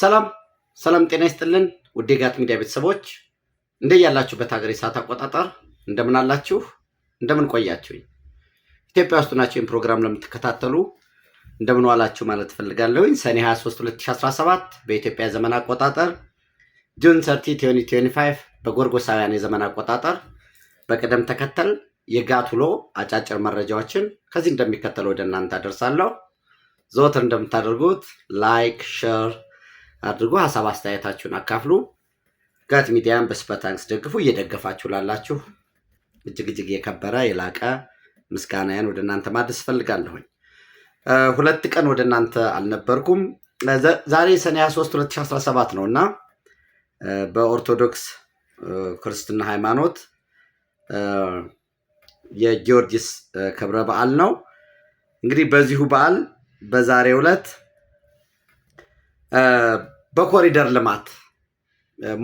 ሰላም ሰላም፣ ጤና ይስጥልን ውድ የጋት ሚዲያ ቤተሰቦች እንደያላችሁበት ሀገር የሰዓት አቆጣጠር እንደምን አላችሁ? እንደምን ቆያችሁኝ? ኢትዮጵያ ውስጥ ናቸው ፕሮግራም ለምትከታተሉ እንደምን ዋላችሁ ማለት ትፈልጋለሁኝ። ሰኔ 23 2017 በኢትዮጵያ ዘመን አቆጣጠር ጁን 30 2025 በጎርጎሳውያን የዘመን አቆጣጠር በቅደም ተከተል የጋት ውሎ አጫጭር መረጃዎችን ከዚህ እንደሚከተለው ወደ እናንተ አደርሳለሁ። ዘወትር እንደምታደርጉት ላይክ፣ ሸር አድርጎ ሀሳብ አስተያየታችሁን አካፍሉ። ጋት ሚዲያን በሱፐር ደግፉ። እየደገፋችሁ ላላችሁ እጅግ እጅግ የከበረ የላቀ ምስጋናዬን ወደ እናንተ ማድረስ እፈልጋለሁኝ። ሁለት ቀን ወደ እናንተ አልነበርኩም። ዛሬ ሰኔ 23 2017 ነው እና በኦርቶዶክስ ክርስትና ሃይማኖት የጊዮርጊስ ክብረ በዓል ነው። እንግዲህ በዚሁ በዓል በዛሬ ዕለት በኮሪደር ልማት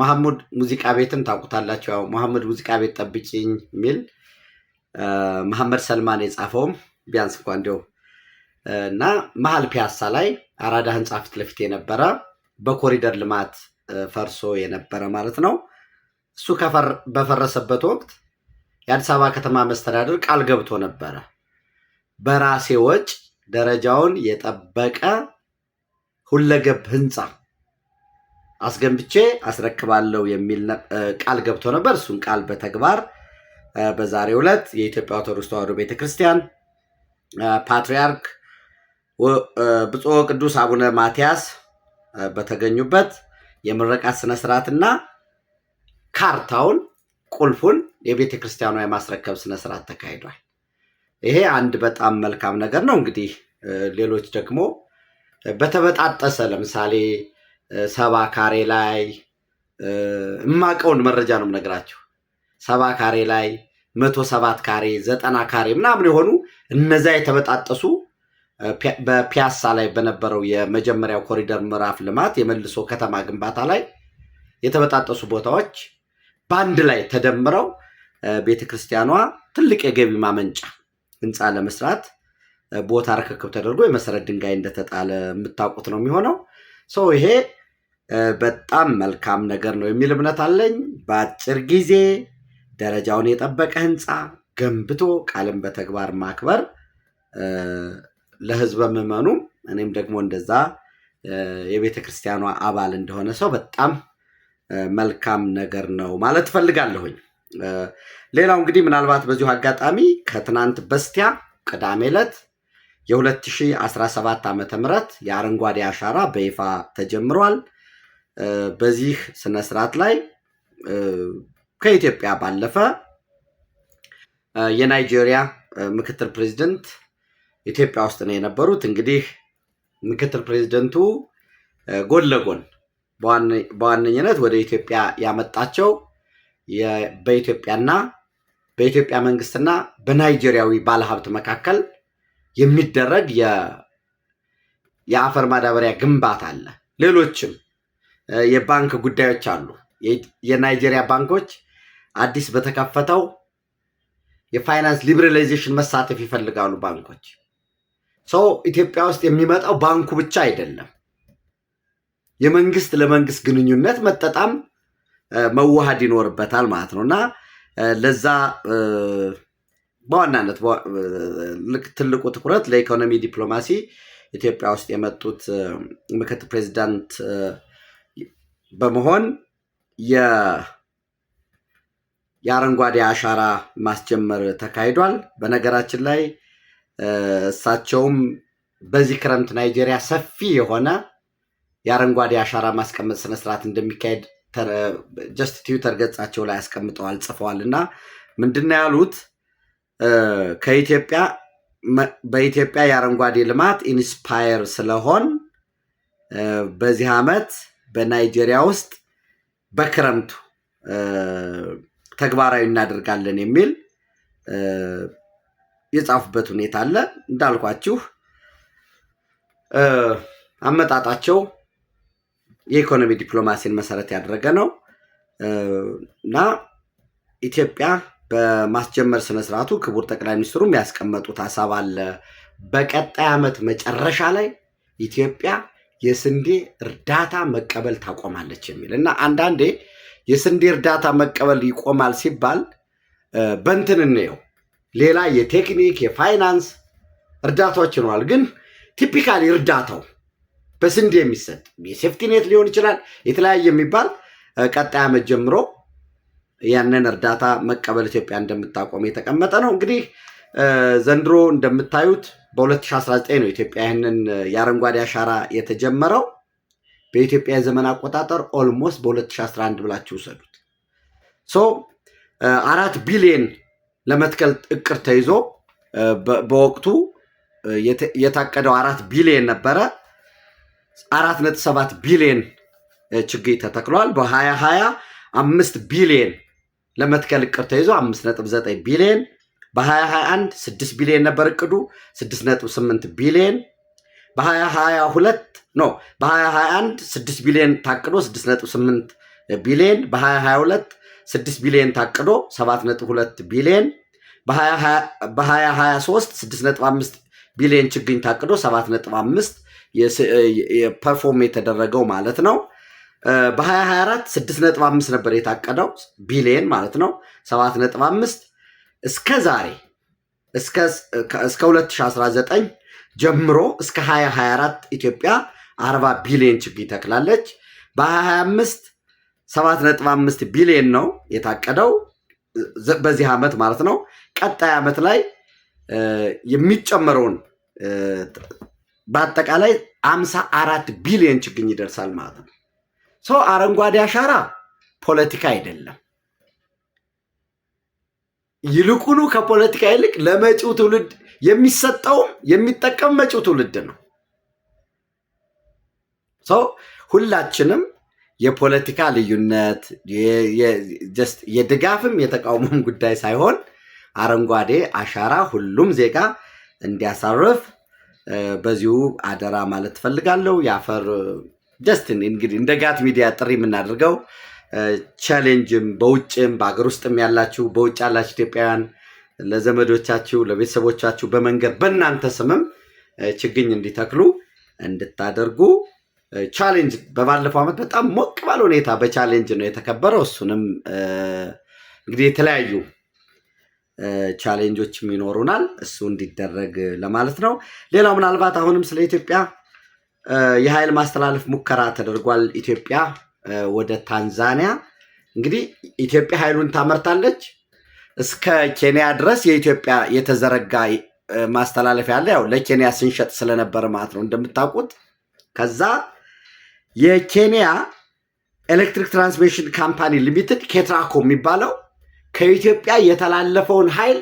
መሐሙድ ሙዚቃ ቤትን ታውቁታላችሁ። ያው መሐሙድ ሙዚቃ ቤት ጠብቂኝ የሚል መሐመድ ሰልማን የጻፈውም ቢያንስ እንኳ እንዲሁ እና መሀል ፒያሳ ላይ አራዳ ህንፃ ፊት ለፊት የነበረ በኮሪደር ልማት ፈርሶ የነበረ ማለት ነው። እሱ በፈረሰበት ወቅት የአዲስ አበባ ከተማ መስተዳደር ቃል ገብቶ ነበረ በራሴ ወጭ ደረጃውን የጠበቀ ሁለገብ ህንፃ አስገንብቼ አስረክባለሁ የሚል ቃል ገብቶ ነበር። እሱን ቃል በተግባር በዛሬው ዕለት የኢትዮጵያ ኦርቶዶክስ ተዋሕዶ ቤተክርስቲያን ፓትርያርክ ብፁዕ ወቅዱስ አቡነ ማትያስ በተገኙበት የምረቃት ስነስርዓትና ካርታውን ቁልፉን የቤተ ክርስቲያኗ የማስረከብ ስነስርዓት ተካሂዷል። ይሄ አንድ በጣም መልካም ነገር ነው። እንግዲህ ሌሎች ደግሞ በተበጣጠሰ ለምሳሌ ሰባ ካሬ ላይ እማቀውን መረጃ ነው ነግራቸው ሰባ ካሬ ላይ መቶ ሰባት ካሬ ዘጠና ካሬ ምናምን የሆኑ እነዛ የተበጣጠሱ በፒያሳ ላይ በነበረው የመጀመሪያው ኮሪደር ምዕራፍ ልማት የመልሶ ከተማ ግንባታ ላይ የተበጣጠሱ ቦታዎች በአንድ ላይ ተደምረው ቤተክርስቲያኗ ትልቅ የገቢ ማመንጫ ህንፃ ለመስራት ቦታ ርክክብ ተደርጎ የመሰረት ድንጋይ እንደተጣለ የምታውቁት ነው የሚሆነው ሰው ይሄ በጣም መልካም ነገር ነው የሚል እምነት አለኝ። በአጭር ጊዜ ደረጃውን የጠበቀ ህንፃ ገንብቶ ቃልን በተግባር ማክበር ለህዝበ ምዕመኑ እኔም ደግሞ እንደዛ የቤተ ክርስቲያኗ አባል እንደሆነ ሰው በጣም መልካም ነገር ነው ማለት ትፈልጋለሁኝ ሌላው እንግዲህ ምናልባት በዚሁ አጋጣሚ ከትናንት በስቲያ ቅዳሜ ዕለት የ2017 ዓ ም የአረንጓዴ አሻራ በይፋ ተጀምሯል። በዚህ ስነስርዓት ላይ ከኢትዮጵያ ባለፈ የናይጄሪያ ምክትል ፕሬዚደንት ኢትዮጵያ ውስጥ ነው የነበሩት። እንግዲህ ምክትል ፕሬዚደንቱ ጎን ለጎን በዋነኝነት ወደ ኢትዮጵያ ያመጣቸው በኢትዮጵያና በኢትዮጵያ መንግስትና በናይጄሪያዊ ባለሀብት መካከል የሚደረግ የአፈር ማዳበሪያ ግንባታ አለ። ሌሎችም የባንክ ጉዳዮች አሉ። የናይጄሪያ ባንኮች አዲስ በተከፈተው የፋይናንስ ሊብራላይዜሽን መሳተፍ ይፈልጋሉ። ባንኮች ሰው ኢትዮጵያ ውስጥ የሚመጣው ባንኩ ብቻ አይደለም። የመንግስት ለመንግስት ግንኙነት መጠጣም መዋሃድ ይኖርበታል ማለት ነው እና ለዛ በዋናነት ትልቁ ትኩረት ለኢኮኖሚ ዲፕሎማሲ ኢትዮጵያ ውስጥ የመጡት ምክትል ፕሬዚዳንት በመሆን የአረንጓዴ አሻራ ማስጀመር ተካሂዷል። በነገራችን ላይ እሳቸውም በዚህ ክረምት ናይጄሪያ ሰፊ የሆነ የአረንጓዴ አሻራ ማስቀመጥ ስነስርዓት እንደሚካሄድ ጀስት ትዊተር ገጻቸው ላይ አስቀምጠዋል ጽፈዋል። እና ምንድነው ያሉት ከኢትዮጵያ በኢትዮጵያ የአረንጓዴ ልማት ኢንስፓየር ስለሆን በዚህ ዓመት በናይጄሪያ ውስጥ በክረምቱ ተግባራዊ እናደርጋለን የሚል የጻፉበት ሁኔታ አለ። እንዳልኳችሁ አመጣጣቸው የኢኮኖሚ ዲፕሎማሲን መሰረት ያደረገ ነው እና ኢትዮጵያ በማስጀመር ስነስርዓቱ ክቡር ጠቅላይ ሚኒስትሩም ያስቀመጡት ሀሳብ አለ። በቀጣይ ዓመት መጨረሻ ላይ ኢትዮጵያ የስንዴ እርዳታ መቀበል ታቆማለች የሚል እና አንዳንዴ የስንዴ እርዳታ መቀበል ይቆማል ሲባል በንትን እንየው ሌላ የቴክኒክ የፋይናንስ እርዳታዎች ይኖራል። ግን ቲፒካሊ እርዳታው በስንዴ የሚሰጥ የሴፍቲኔት ሊሆን ይችላል የተለያየ የሚባል ቀጣይ ዓመት ጀምሮ ያንን እርዳታ መቀበል ኢትዮጵያ እንደምታቆም የተቀመጠ ነው። እንግዲህ ዘንድሮ እንደምታዩት በ2019 ነው ኢትዮጵያ ይህንን የአረንጓዴ አሻራ የተጀመረው። በኢትዮጵያ የዘመን አቆጣጠር ኦልሞስት በ2011 ብላችሁ ውሰዱት። ሶ አራት ቢሊየን ለመትከል እቅድ ተይዞ በወቅቱ የታቀደው አራት ቢሊየን ነበረ። አራት ነጥብ ሰባት ቢሊየን ችግኝ ተተክሏል። በ2020 አምስት ቢሊየን ለመትከል እቅድ ተይዞ አምስት ነጥብ ዘጠኝ ቢሊየን በ2021 6 ቢሊዮን ነበር እቅዱ 6.8 ቢሊዮን በ2022 ኖ በ2021 6 ቢሊዮን ታቅዶ 6.8 ቢሊዮን በ2022 6 ቢሊዮን ታቅዶ 7.2 ቢሊዮን በ2023 6.5 ቢሊዮን ችግኝ ታቅዶ 7.5 ፐርፎርም የተደረገው ማለት ነው። በ2024 6.5 ነበር የታቀደው ቢሊዮን ማለት ነው። 7.5 እስከ ዛሬ እስከ 2019 ጀምሮ እስከ 2024 ኢትዮጵያ 40 ቢሊዮን ችግኝ ተክላለች። በ2575 7.5 ቢሊዮን ነው የታቀደው በዚህ ዓመት ማለት ነው። ቀጣይ ዓመት ላይ የሚጨመረውን በአጠቃላይ 54 ቢሊዮን ችግኝ ይደርሳል ማለት ነው። ሰው አረንጓዴ አሻራ ፖለቲካ አይደለም። ይልቁኑ ከፖለቲካ ይልቅ ለመጪው ትውልድ የሚሰጠውም የሚጠቀም መጪው ትውልድ ነው። ሰው ሁላችንም የፖለቲካ ልዩነት የድጋፍም የተቃውሞም ጉዳይ ሳይሆን አረንጓዴ አሻራ ሁሉም ዜጋ እንዲያሳርፍ በዚሁ አደራ ማለት ትፈልጋለሁ። የአፈር ደስትን እንግዲህ እንደ ጋት ሚዲያ ጥሪ የምናደርገው ቻሌንጅም በውጭም በሀገር ውስጥም ያላችሁ በውጭ ያላችሁ ኢትዮጵያውያን ለዘመዶቻችሁ፣ ለቤተሰቦቻችሁ በመንገድ በእናንተ ስምም ችግኝ እንዲተክሉ እንድታደርጉ ቻሌንጅ በባለፈው ዓመት በጣም ሞቅ ባለ ሁኔታ በቻሌንጅ ነው የተከበረው። እሱንም እንግዲህ የተለያዩ ቻሌንጆችም ይኖሩናል እሱ እንዲደረግ ለማለት ነው። ሌላው ምናልባት አሁንም ስለ ኢትዮጵያ የኃይል ማስተላለፍ ሙከራ ተደርጓል። ኢትዮጵያ ወደ ታንዛኒያ እንግዲህ ኢትዮጵያ ኃይሉን ታመርታለች። እስከ ኬንያ ድረስ የኢትዮጵያ የተዘረጋ ማስተላለፊያ አለ። ያው ለኬንያ ስንሸጥ ስለነበረ ማለት ነው እንደምታውቁት። ከዛ የኬንያ ኤሌክትሪክ ትራንስሚሽን ካምፓኒ ሊሚትድ ኬትራኮ የሚባለው ከኢትዮጵያ የተላለፈውን ኃይል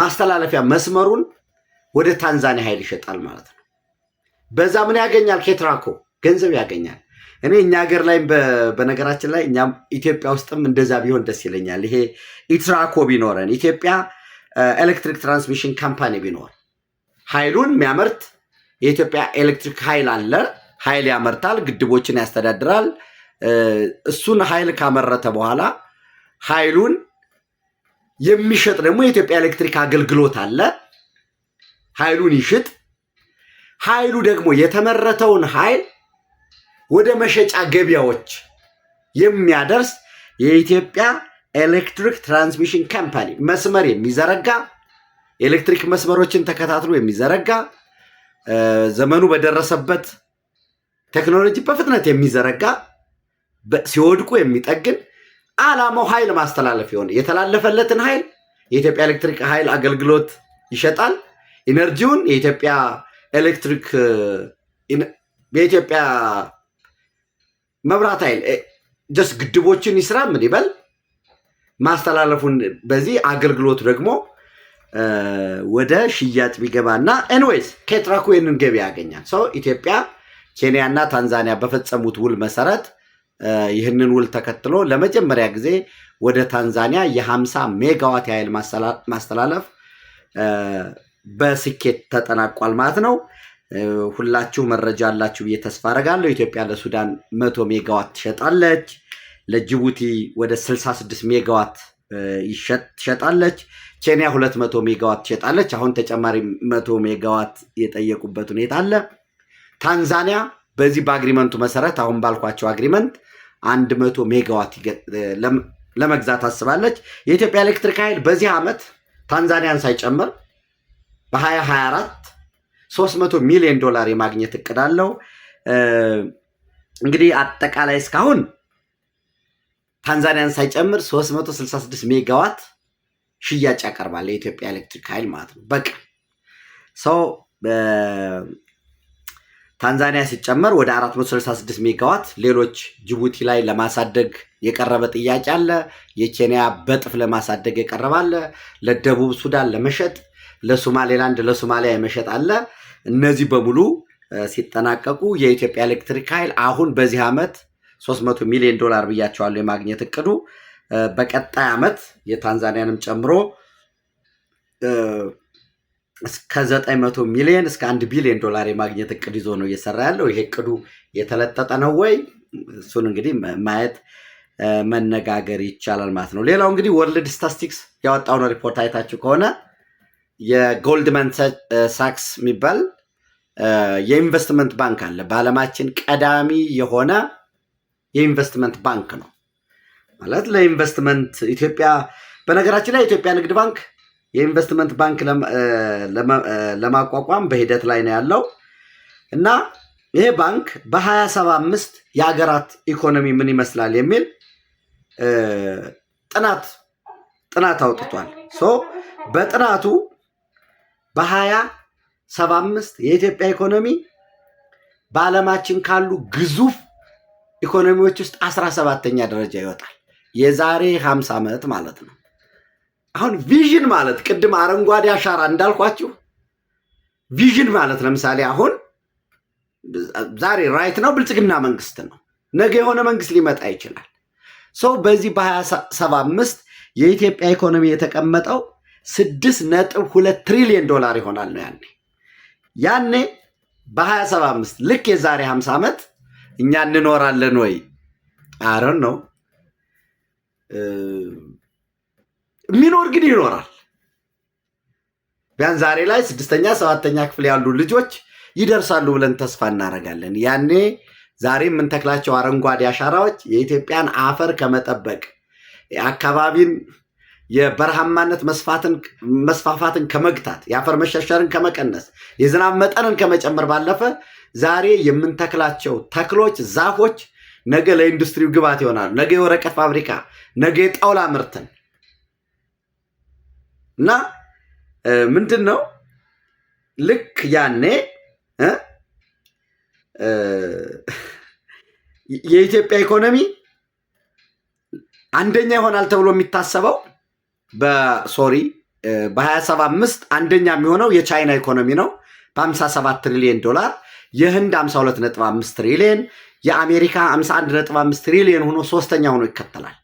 ማስተላለፊያ መስመሩን ወደ ታንዛኒያ ኃይል ይሸጣል ማለት ነው። በዛ ምን ያገኛል? ኬትራኮ ገንዘብ ያገኛል። እኔ እኛ ሀገር ላይ በነገራችን ላይ እኛም ኢትዮጵያ ውስጥም እንደዛ ቢሆን ደስ ይለኛል። ይሄ ኢትራኮ ቢኖረን ኢትዮጵያ ኤሌክትሪክ ትራንስሚሽን ካምፓኒ ቢኖር ኃይሉን የሚያመርት የኢትዮጵያ ኤሌክትሪክ ኃይል አለ። ኃይል ያመርታል፣ ግድቦችን ያስተዳድራል። እሱን ኃይል ካመረተ በኋላ ኃይሉን የሚሸጥ ደግሞ የኢትዮጵያ ኤሌክትሪክ አገልግሎት አለ። ኃይሉን ይሽጥ። ኃይሉ ደግሞ የተመረተውን ኃይል ወደ መሸጫ ገበያዎች የሚያደርስ የኢትዮጵያ ኤሌክትሪክ ትራንስሚሽን ካምፓኒ መስመር የሚዘረጋ ኤሌክትሪክ መስመሮችን ተከታትሎ የሚዘረጋ ዘመኑ በደረሰበት ቴክኖሎጂ በፍጥነት የሚዘረጋ ሲወድቁ የሚጠግን ዓላማው ኃይል ማስተላለፍ የሆነ የተላለፈለትን ኃይል የኢትዮጵያ ኤሌክትሪክ ኃይል አገልግሎት ይሸጣል። ኢነርጂውን የኢትዮጵያ ኤሌክትሪክ የኢትዮጵያ መብራት ኃይል ጀስ ግድቦችን ይስራ ምን ይበል ማስተላለፉን በዚህ አገልግሎት ደግሞ ወደ ሽያጭ ቢገባና ኤንዌይስ ከትራኩ ይህንን ገቢ ያገኛል። ሰው ኢትዮጵያ፣ ኬንያ እና ታንዛኒያ በፈጸሙት ውል መሰረት ይህንን ውል ተከትሎ ለመጀመሪያ ጊዜ ወደ ታንዛኒያ የ50 ሜጋዋት የኃይል ማስተላለፍ በስኬት ተጠናቋል ማለት ነው። ሁላችሁ መረጃ አላችሁ ብዬ ተስፋ አደርጋለሁ። ኢትዮጵያ ለሱዳን መቶ ሜጋዋት ትሸጣለች። ለጅቡቲ ወደ 66 ሜጋዋት ትሸጣለች። ኬንያ 200 ሜጋዋት ትሸጣለች። አሁን ተጨማሪ መቶ ሜጋዋት የጠየቁበት ሁኔታ አለ። ታንዛኒያ በዚህ በአግሪመንቱ መሰረት አሁን ባልኳቸው አግሪመንት 100 ሜጋዋት ለመግዛት አስባለች። የኢትዮጵያ ኤሌክትሪክ ኃይል በዚህ ዓመት ታንዛኒያን ሳይጨምር በ2024 ሶስት መቶ ሚሊዮን ዶላር የማግኘት እቅድ አለው። እንግዲህ አጠቃላይ እስካሁን ታንዛኒያን ሳይጨምር 366 ሜጋዋት ሽያጭ ያቀርባል የኢትዮጵያ ኤሌክትሪክ ኃይል ማለት ነው። በቃ ሰው ታንዛኒያ ሲጨመር ወደ 466 ሜጋዋት ሌሎች ጅቡቲ ላይ ለማሳደግ የቀረበ ጥያቄ አለ። የኬንያ በጥፍ ለማሳደግ የቀረበ አለ። ለደቡብ ሱዳን ለመሸጥ፣ ለሶማሌላንድ ለሶማሊያ የመሸጥ አለ። እነዚህ በሙሉ ሲጠናቀቁ የኢትዮጵያ ኤሌክትሪክ ኃይል አሁን በዚህ ዓመት 300 ሚሊዮን ዶላር ብያቸዋለሁ የማግኘት እቅዱ በቀጣይ ዓመት የታንዛኒያንም ጨምሮ እስከ 900 ሚሊዮን እስከ 1 ቢሊዮን ዶላር የማግኘት እቅድ ይዞ ነው እየሰራ ያለው። ይሄ እቅዱ የተለጠጠ ነው ወይ? እሱን እንግዲህ ማየት መነጋገር ይቻላል ማለት ነው። ሌላው እንግዲህ ወርልድ ስታስቲክስ ያወጣውን ሪፖርት አይታችሁ ከሆነ የጎልድማን ሳክስ የሚባል የኢንቨስትመንት ባንክ አለ። በዓለማችን ቀዳሚ የሆነ የኢንቨስትመንት ባንክ ነው ማለት ለኢንቨስትመንት ኢትዮጵያ በነገራችን ላይ የኢትዮጵያ ንግድ ባንክ የኢንቨስትመንት ባንክ ለማቋቋም በሂደት ላይ ነው ያለው እና ይሄ ባንክ በ2075 የሀገራት ኢኮኖሚ ምን ይመስላል የሚል ጥናት ጥናት አውጥቷል። በጥናቱ በሀያ ሰባ አምስት የኢትዮጵያ ኢኮኖሚ በዓለማችን ካሉ ግዙፍ ኢኮኖሚዎች ውስጥ አስራ ሰባተኛ ደረጃ ይወጣል። የዛሬ ሀምሳ ዓመት ማለት ነው። አሁን ቪዥን ማለት ቅድም አረንጓዴ አሻራ እንዳልኳችሁ ቪዥን ማለት ለምሳሌ አሁን ዛሬ ራይት ነው ብልጽግና መንግስት ነው። ነገ የሆነ መንግስት ሊመጣ ይችላል። ሰው በዚህ በሀያ ሰባ አምስት የኢትዮጵያ ኢኮኖሚ የተቀመጠው ስድስት ነጥብ ሁለት ትሪሊየን ዶላር ይሆናል ነው ያኔ ያኔ በ2075 ልክ የዛሬ 50 ዓመት እኛ እንኖራለን ወይ አረን ነው የሚኖር ግን ይኖራል ቢያን ዛሬ ላይ ስድስተኛ ሰባተኛ ክፍል ያሉ ልጆች ይደርሳሉ ብለን ተስፋ እናደርጋለን ያኔ ዛሬ የምንተክላቸው አረንጓዴ አሻራዎች የኢትዮጵያን አፈር ከመጠበቅ አካባቢን የበረሃማነት መስፋፋትን ከመግታት የአፈር መሸርሸርን ከመቀነስ የዝናብ መጠንን ከመጨመር ባለፈ ዛሬ የምንተክላቸው ተክሎች፣ ዛፎች ነገ ለኢንዱስትሪው ግብዓት ይሆናሉ። ነገ የወረቀት ፋብሪካ፣ ነገ የጣውላ ምርትን እና ምንድን ነው ልክ ያኔ የኢትዮጵያ ኢኮኖሚ አንደኛ ይሆናል ተብሎ የሚታሰበው በሶሪ በ2075 አንደኛ የሚሆነው የቻይና ኢኮኖሚ ነው በ57 ትሪሊየን ዶላር፣ የህንድ 525 ትሪሊየን፣ የአሜሪካ 515 ትሪሊየን ሆኖ ሶስተኛ ሆኖ ይከተላል።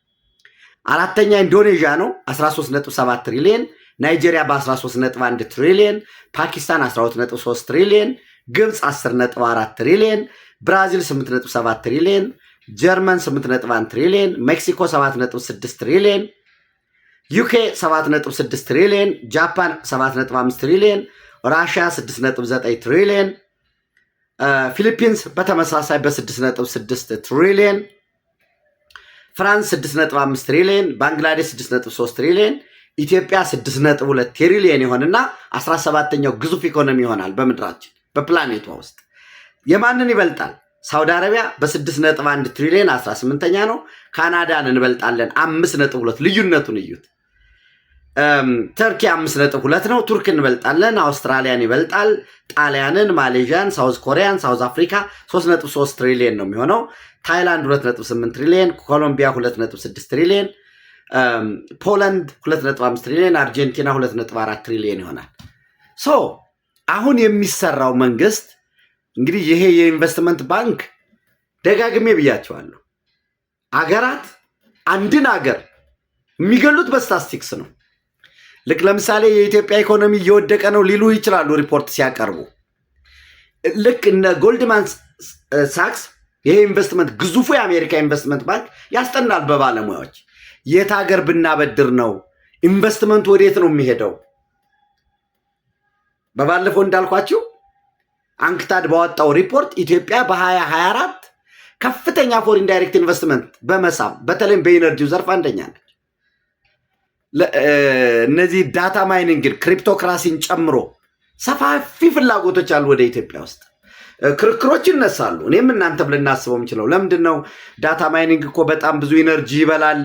አራተኛ ኢንዶኔዥያ ነው 137 ትሪሊየን፣ ናይጄሪያ በ131 ትሪሊየን፣ ፓኪስታን 123 ትሪሊየን፣ ግብፅ 104 ትሪሊየን፣ ብራዚል 87 ትሪሊየን፣ ጀርመን 81 ትሪሊየን፣ ሜክሲኮ 76 ትሪሊየን ዩኬ 7.6 ትሪሊየን፣ ጃፓን 7.5 ትሪሊየን፣ ራሽያ 6.9 ትሪሊየን፣ ፊሊፒንስ በተመሳሳይ በ6.6 ትሪሊየን፣ ፍራንስ 6.5 ትሪሊየን፣ ባንግላዴሽ 6.3 ትሪሊየን፣ ኢትዮጵያ 6.2 ትሪሊየን ይሆንና 17ኛው ግዙፍ ኢኮኖሚ ይሆናል በምድራችን በፕላኔቷ ውስጥ። የማንን ይበልጣል? ሳውዲ አረቢያ በ6.1 ትሪሊየን 18ኛ ነው። ካናዳን እንበልጣለን 5.2 ልዩነቱን እዩት። ተርኪ አምስት ነጥብ ሁለት ነው። ቱርክ እንበልጣለን፣ አውስትራሊያን ይበልጣል፣ ጣሊያንን፣ ማሌዥያን፣ ሳውዝ ኮሪያን፣ ሳውዝ አፍሪካ ሶስት ነጥብ ሶስት ትሪሊየን ነው የሚሆነው። ታይላንድ ሁለት ነጥብ ስምንት ትሪሊየን፣ ኮሎምቢያ ሁለት ነጥብ ስድስት ትሪሊየን፣ ፖላንድ ሁለት ነጥብ አምስት ትሪሊየን፣ አርጀንቲና ሁለት ነጥብ አራት ትሪሊየን ይሆናል። ሶ አሁን የሚሰራው መንግስት እንግዲህ ይሄ የኢንቨስትመንት ባንክ ደጋግሜ ብያቸዋለሁ። አገራት አንድን አገር የሚገሉት በስታስቲክስ ነው። ልክ ለምሳሌ የኢትዮጵያ ኢኮኖሚ እየወደቀ ነው ሊሉ ይችላሉ ሪፖርት ሲያቀርቡ። ልክ እነ ጎልድማን ሳክስ ይሄ ኢንቨስትመንት ግዙፉ የአሜሪካ ኢንቨስትመንት ባንክ ያስጠናል በባለሙያዎች የት ሀገር ብናበድር ነው ኢንቨስትመንቱ ወዴት ነው የሚሄደው? በባለፈው እንዳልኳችሁ አንክታድ ባወጣው ሪፖርት ኢትዮጵያ በ2024 ከፍተኛ ፎሪን ዳይሬክት ኢንቨስትመንት በመሳብ በተለይም በኢነርጂው ዘርፍ አንደኛ ነው። እነዚህ ዳታ ማይኒንግን ክሪፕቶክራሲን ጨምሮ ሰፋፊ ፍላጎቶች አሉ ወደ ኢትዮጵያ ውስጥ። ክርክሮች ይነሳሉ። እኔም እናንተም ልናስበው የምችለው ለምንድን ነው? ዳታ ማይኒንግ እኮ በጣም ብዙ ኢነርጂ ይበላል።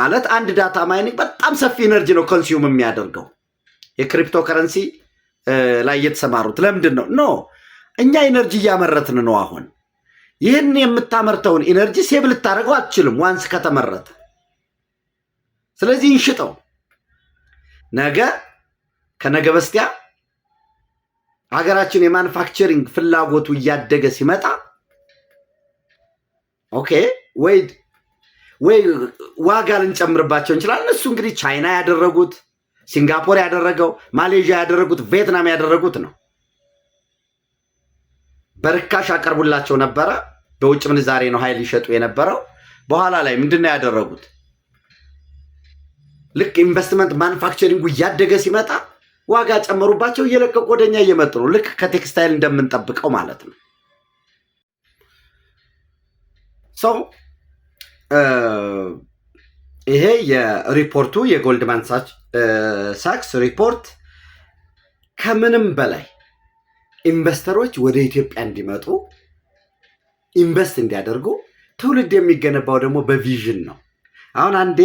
ማለት አንድ ዳታ ማይኒንግ በጣም ሰፊ ኢነርጂ ነው ኮንሱም የሚያደርገው የክሪፕቶ ከረንሲ ላይ የተሰማሩት ለምንድን ነው? ኖ እኛ ኢነርጂ እያመረትን ነው። አሁን ይህን የምታመርተውን ኢነርጂ ሴብ ልታደርገው አትችልም ዋንስ ከተመረተ ስለዚህ እንሽጠው። ነገ ከነገ በስቲያ ሀገራችን የማኑፋክቸሪንግ ፍላጎቱ እያደገ ሲመጣ ኦኬ ወይ ወይ ዋጋ ልንጨምርባቸው እንችላለን። እሱ እንግዲህ ቻይና ያደረጉት፣ ሲንጋፖር ያደረገው፣ ማሌዥያ ያደረጉት፣ ቪየትናም ያደረጉት ነው። በርካሽ አቀርቡላቸው ነበረ። በውጭ ምንዛሬ ነው ኃይል ይሸጡ የነበረው። በኋላ ላይ ምንድን ነው ያደረጉት? ልክ ኢንቨስትመንት ማኑፋክቸሪንጉ እያደገ ሲመጣ ዋጋ ጨመሩባቸው፣ እየለቀቁ ወደኛ እየመጡ ነው። ልክ ከቴክስታይል እንደምንጠብቀው ማለት ነው። ሰው ይሄ የሪፖርቱ የጎልድማን ሳክስ ሪፖርት ከምንም በላይ ኢንቨስተሮች ወደ ኢትዮጵያ እንዲመጡ ኢንቨስት እንዲያደርጉ ትውልድ የሚገነባው ደግሞ በቪዥን ነው። አሁን አንዴ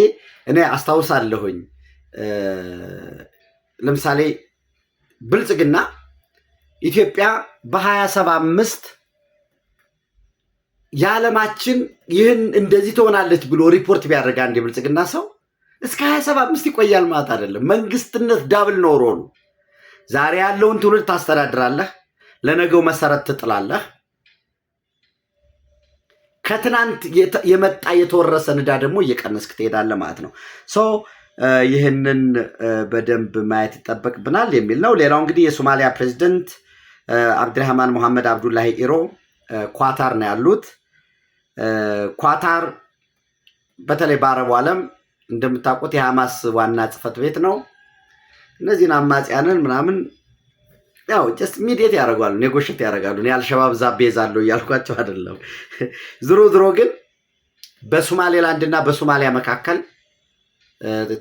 እኔ አስታውሳለሁኝ ለምሳሌ ብልጽግና ኢትዮጵያ በሀያ ሰባ አምስት የዓለማችን ይህን እንደዚህ ትሆናለች ብሎ ሪፖርት ቢያደርግ አንድ የብልጽግና ሰው እስከ ሀያ ሰባ አምስት ይቆያል ማለት አይደለም። መንግስትነት ዳብል ኖሮ ነው። ዛሬ ያለውን ትውልድ ታስተዳድራለህ፣ ለነገው መሰረት ትጥላለህ። ከትናንት የመጣ የተወረሰ ንዳ ደግሞ እየቀነስክ ትሄዳለህ ማለት ነው። ይህንን በደንብ ማየት ይጠበቅብናል የሚል ነው። ሌላው እንግዲህ የሶማሊያ ፕሬዚደንት አብድርሃማን ሙሐመድ አብዱላሂ ኢሮ ኳታር ነው ያሉት። ኳታር በተለይ በአረቡ ዓለም እንደምታውቁት የሐማስ ዋና ጽፈት ቤት ነው። እነዚህን አማጽያንን ምናምን ያው ጀስት ሚዲየት ያደርጓሉ፣ ኔጎሽት ያደርጋሉ። እኔ አልሸባብ ዛቤ ይዛለሁ እያልኳቸው አይደለም። ዝሮ ዝሮ ግን በሶማሌላንድ እና በሶማሊያ መካከል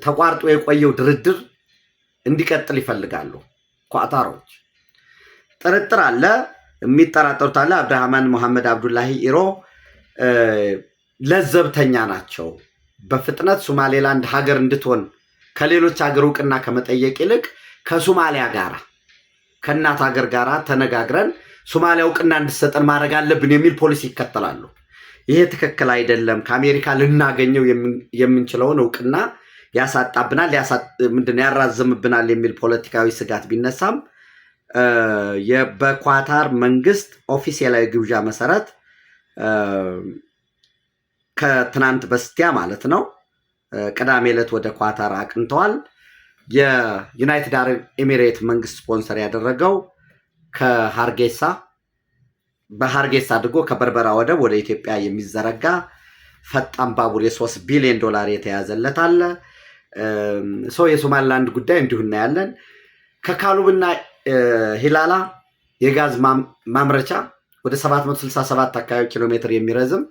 ተቋርጦ የቆየው ድርድር እንዲቀጥል ይፈልጋሉ ኳታሮች። ጥርጥር አለ፣ የሚጠራጠሩት አለ። አብድራህማን መሐመድ አብዱላሂ ኢሮ ለዘብተኛ ናቸው። በፍጥነት ሶማሌላንድ ሀገር እንድትሆን ከሌሎች ሀገር እውቅና ከመጠየቅ ይልቅ ከሶማሊያ ጋር ከእናት ሀገር ጋር ተነጋግረን ሶማሊያ እውቅና እንድሰጠን ማድረግ አለብን የሚል ፖሊሲ ይከተላሉ። ይሄ ትክክል አይደለም። ከአሜሪካ ልናገኘው የምንችለውን እውቅና ያሳጣብናል፣ ምንድነው ያራዝምብናል የሚል ፖለቲካዊ ስጋት ቢነሳም በኳታር መንግስት ኦፊሴላዊ ግብዣ መሰረት ከትናንት በስቲያ ማለት ነው ቅዳሜ ዕለት ወደ ኳታር አቅንተዋል። የዩናይትድ አረብ ኤሚሬት መንግስት ስፖንሰር ያደረገው ከሃርጌሳ በሀርጌሳ አድርጎ ከበርበራ ወደብ ወደ ኢትዮጵያ የሚዘረጋ ፈጣን ባቡር የሶስት ቢሊዮን ዶላር የተያዘለት አለ። ሰው የሶማሊላንድ ጉዳይ እንዲሁ እናያለን። ከካሉብና ሂላላ የጋዝ ማምረቻ ወደ 767 አካባቢ ኪሎ ሜትር የሚረዝም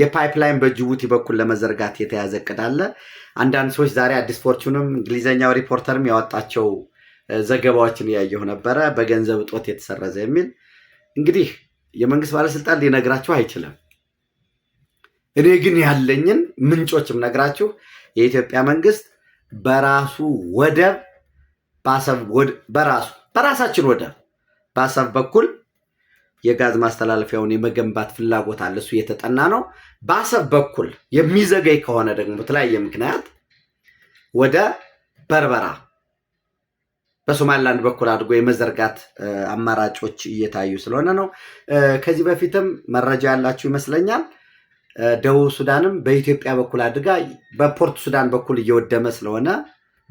የፓይፕላይን በጅቡቲ በኩል ለመዘርጋት የተያዘ እቅድ አለ። አንዳንድ ሰዎች ዛሬ አዲስ ፎርቹንም እንግሊዝኛው ሪፖርተርም ያወጣቸው ዘገባዎችን እያየሁ ነበረ። በገንዘብ እጦት የተሰረዘ የሚል እንግዲህ የመንግስት ባለስልጣን ሊነግራችሁ አይችልም። እኔ ግን ያለኝን ምንጮችም ነግራችሁ የኢትዮጵያ መንግስት በራሱ ወደብ በራሱ በራሳችን ወደብ በአሰብ በኩል የጋዝ ማስተላለፊያውን የመገንባት ፍላጎት አለ። እሱ እየተጠና ነው። በአሰብ በኩል የሚዘገይ ከሆነ ደግሞ በተለያየ ምክንያት ወደ በርበራ በሶማሊላንድ በኩል አድርጎ የመዘርጋት አማራጮች እየታዩ ስለሆነ ነው። ከዚህ በፊትም መረጃ ያላችሁ ይመስለኛል። ደቡብ ሱዳንም በኢትዮጵያ በኩል አድጋ በፖርት ሱዳን በኩል እየወደመ ስለሆነ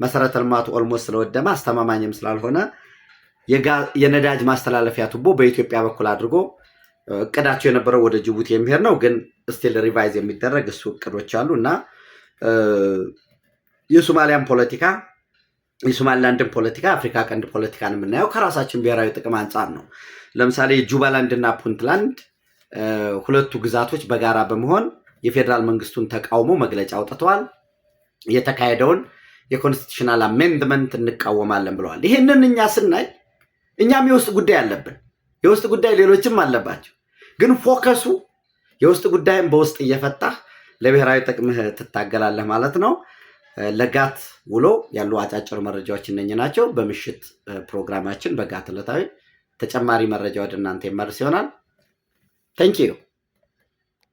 መሰረተ ልማቱ ኦልሞስ ስለወደመ አስተማማኝም ስላልሆነ የነዳጅ ማስተላለፊያ ቱቦ በኢትዮጵያ በኩል አድርጎ እቅዳቸው የነበረው ወደ ጅቡቲ የሚሄድ ነው፣ ግን ስቲል ሪቫይዝ የሚደረግ እሱ እቅዶች አሉ እና የሶማሊያን ፖለቲካ የሶማሊላንድን ፖለቲካ አፍሪካ ቀንድ ፖለቲካን የምናየው ከራሳችን ብሔራዊ ጥቅም አንጻር ነው። ለምሳሌ ጁባላንድ እና ፑንትላንድ ሁለቱ ግዛቶች በጋራ በመሆን የፌዴራል መንግስቱን ተቃውሞ መግለጫ አውጥተዋል። የተካሄደውን የኮንስቲቱሽናል አሜንድመንት እንቃወማለን ብለዋል። ይህንን እኛ ስናይ እኛም የውስጥ ጉዳይ አለብን። የውስጥ ጉዳይ ሌሎችም አለባቸው። ግን ፎከሱ የውስጥ ጉዳይን በውስጥ እየፈታህ ለብሔራዊ ጥቅምህ ትታገላለህ ማለት ነው። ለጋት ውሎ ያሉ አጫጭር መረጃዎች እነኝ ናቸው። በምሽት ፕሮግራማችን በጋት ዕለታዊ ተጨማሪ መረጃ ወደ እናንተ ይመርስ ይሆናል። ተንኪዩ